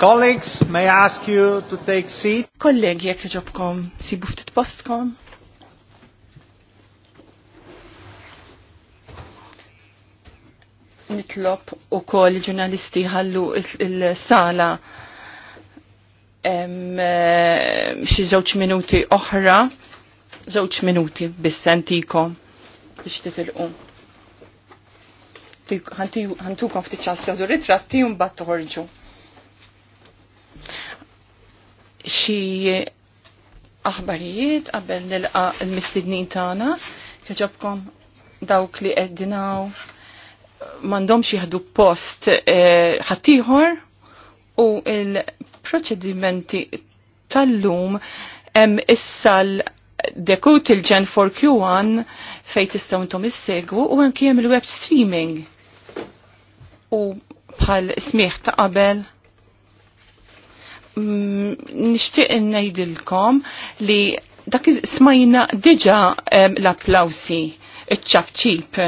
Colleagues, may I ask you to take seat? Kollegi, jekk ġobkom, sibu ftit postkom. Nitlob u il ġurnalisti ħallu il-sala eh, xi żewġ minuti oħra, żewġ minuti bis sentikom biex titilqu. Ħantukom ftit ċans ritratti un bat-torġu. xi aħbarijiet qabel nilqa l-mistednin tagħna kieġobkom dawk li qeddinaw m'għandhomx jieħdu post e, ħaddieħor u il-proċedimenti tal-lum hemm issa l-dekut il-ġen for Q1 fejn tistgħu intom issegwu u anke hemm il-web streaming. U bħal smieħ ta' qabel nishtiq innejdilkom li dak smajna diġa l-applawsi ċapċip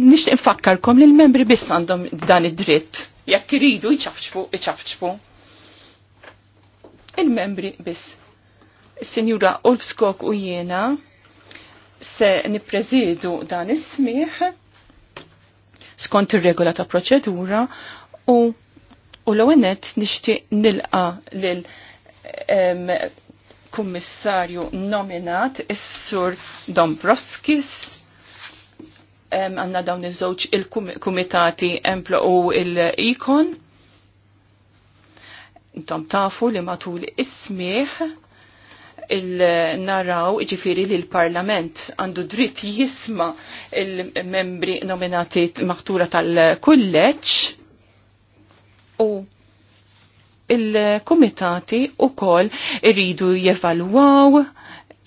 Nishtiq nfakkarkom li l-membri biss għandhom dan id-dritt. Jekk iridu iċafċfu, iċafċfu. Il-membri biss. Sinjura Ulfskok u jiena se niprezidu dan is skont ir-regola ta' proċedura u U l-għonet nishtiq nilqa lil kummissarju nominat is-sur Dombrovskis għanna dawn iż-żewġ il-kumitati Emplo u il-Ikon. Intom tafu li matul ismiħ il-naraw ġifiri li l-parlament għandu dritt jisma il-membri nominati maħtura tal-kulleċ il-komitati u kol irridu jevalwaw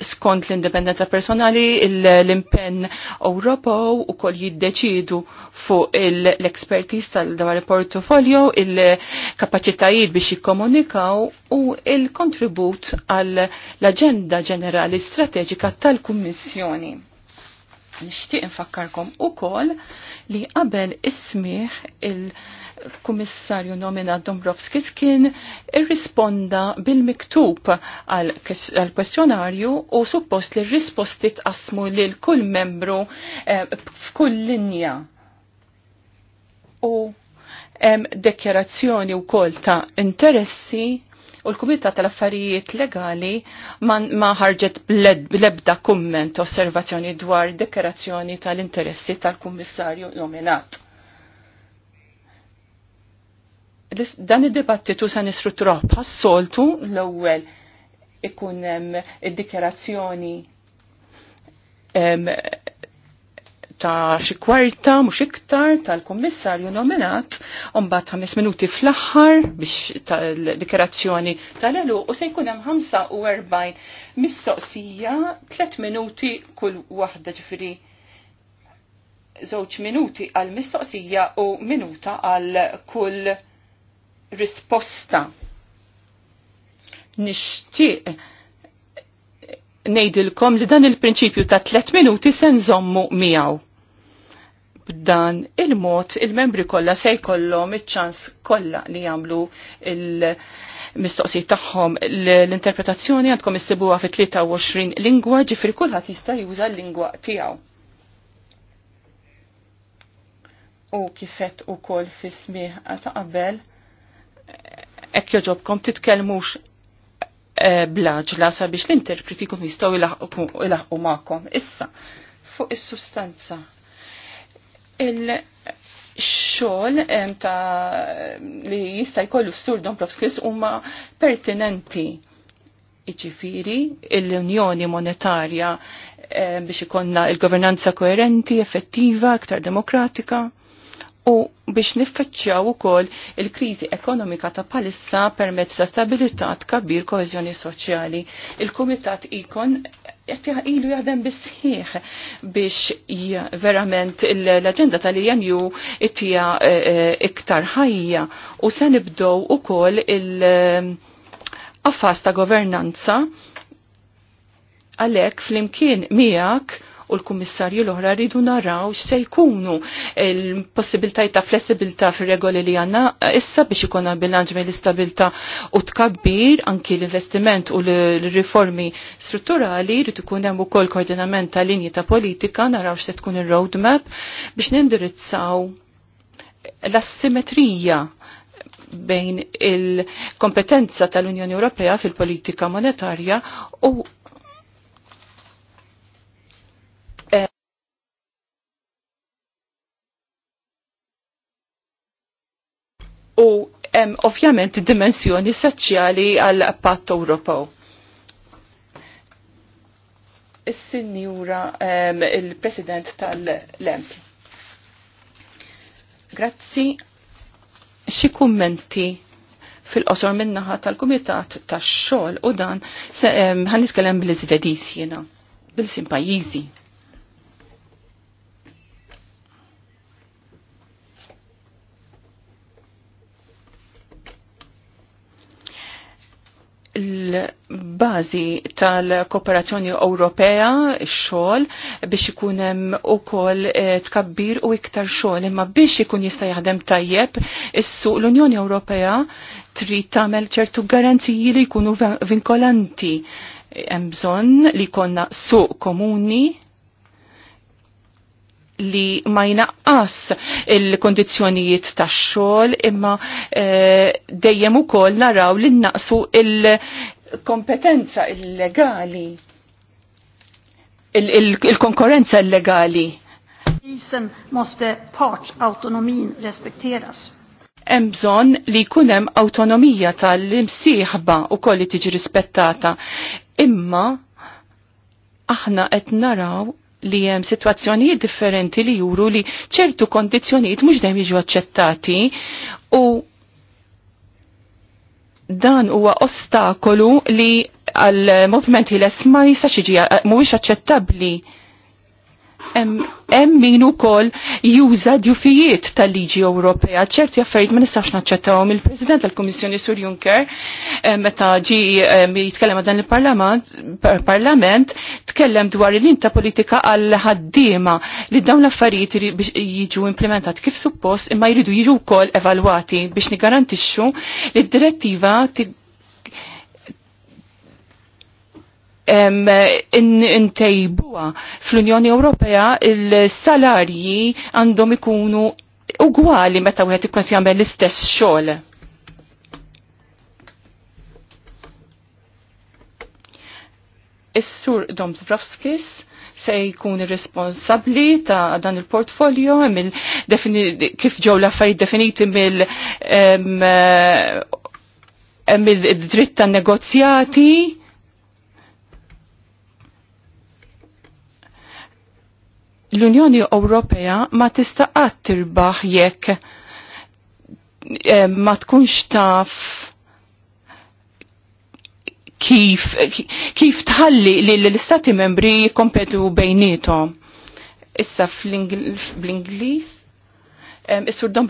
skont l-indipendenza personali, l-impenn Ewropew u kol jiddeċidu fuq l ekspertiz tal-dwar il il-kapacitajiet biex jikkomunikaw u il-kontribut għall-agenda ġenerali strateġika tal-Kummissjoni. Nixtieq infakkarkom ukoll li qabel ismiħ il- kummissarju nomina Dombrovskis kien irrisponda bil-miktub għal-kwestjonarju u suppost li risposti tqasmu lil kull membru eh, f'kull linja. U dekjerazzjoni u kol ta' interessi u l kumita tal-Affarijiet Legali ma ħarġet lebda ebda kumment osservazzjoni dwar dekjerazzjoni tal-interessi tal-Kummissarju nominat. dan id-dibattitu se nistrutturaw bħas-soltu l-ewwel ikun hemm id dikjerazzjoni ta' xi kwarta mhux iktar tal-kummissarju nominat u mbagħad minuti fl-aħħar biex tal ta' tal-elu u se jkun hemm 45 mistoqsija 3 minuti kull waħda ġifiri żewġ minuti għal mistoqsija u minuta għal kull risposta. Nixtieq ngħidilkom li dan il-prinċipju ta' tliet minuti se nżommu miegħu. B'dan il-mod il-membri kollha se jkollhom iċ-ċans kollha li jagħmlu il- mistoqsijiet tagħhom l-interpretazzjoni għandkom issibuha fi 23 lingwa ġifri kulħadd jista' juża l-lingwa tiegħu. U kifet ukoll fi smih ta' qabel Ek joġobkom titkelmux eh, blaġla sabiex l-interpreti kun jistaw ilaħqu ma'kom. Issa, fuq is-sustanza. Il-xogħol ta' li jista' jkollu s-sur profskis huma pertinenti. Iġifiri, l-Unjoni Monetarja biex ikonna il-governanza koerenti, effettiva, iktar demokratika u biex niffeċċjaw ukoll il-kriżi ekonomika ta' palissa permezz ta' stabilità tkabbir koeżjoni soċjali. Il-Kumitat ikon ilu jaħdem bisħieħ biex verament l-agenda tal-EMU ittija eh, eh, iktar ħajja u se nibdow ukoll il-affas eh, ta' governanza għalek fl-imkien miegħek u l-kummissarju l-oħra rridu naraw x'se jkunu l-possibilitajiet ta' flessibilità fir-regoli li għandna eh, issa biex ikun bilanċ bejn l-istabilità u tkabbir anki l-investiment u l-riformi strutturali rrid ikun hemm ukoll koordinament ta' linji ta' politika naraw x'se tkun ir-roadmap biex nindirizzaw l-assimetrija bejn il-kompetenza tal-Unjoni Ewropea fil-politika monetarja u hemm ovvjament dimensjoni soċjali għal patt Ewropew. Is-Sinjura ehm, il-President tal-LEMP. Grazzi. Xi kummenti fil-qosor minnaħa tal-Kumitat tax-xogħol u dan ehm, ħanitkellem bl bil-Iżvediż jiena, bil-sim pajjiżi. il-bazi tal-kooperazzjoni Ewropea xogħol biex ikun hemm ukoll eh, tkabbir u iktar xogħol imma biex ikun jista' jaħdem tajjeb issu l-Unjoni Ewropea trid tagħmel ċertu garanziji li jkunu vinkolanti hemm bżonn li konna suq komuni li ma jnaqqas il-kondizjonijiet tax xogħol imma e, dejjem ukoll naraw li naqsu il- kompetenza illegali, il-konkurrenza il il illegali. Polisen måste partsautonomin respekteras. Hemm bżonn li jkun hemm awtonomija tal imsiħba u kolli tiġi rispettata. Imma aħna qed naraw li hemm sitwazzjonijiet differenti li juru li ċertu kondizzjonijiet mhux dejjem jiġu aċċettati u dan huwa ostakolu li għal-movement ħiles ma jistax jiġi mhuwiex aċċettabbli hemm min ukoll juża djufijiet tal-liġi Ewropea. ċerti affarijiet ma nistax naċċettawhom il-President tal-Kummissjoni Sur Juncker eh, meta ġi eh, jitkellem dan il-Parlament tkellem dwar il ta' politika għal ħaddiema li dawn l-affarijiet biex jiġu implementat kif suppost imma jridu jiġu wkoll evalwati biex nigarantixxu li d-direttiva intejbuha. Fl-Unjoni Ewropea il-salarji għandhom ikunu ugwali meta wieħed ikun jagħmel l-istess xogħol. Is-Sur Domzvravskis se jkun responsabli ta' dan il-portfolio kif ġew l-affarijiet definiti mill mill-dritt tan negozjati l-Unjoni Ewropea ma tista' qatt tirbaħ jekk eh, ma tkunx taf kif, kif tħalli li l-istati membri kompetu bejnietom. Issa fl-Inglis, eh, is-sur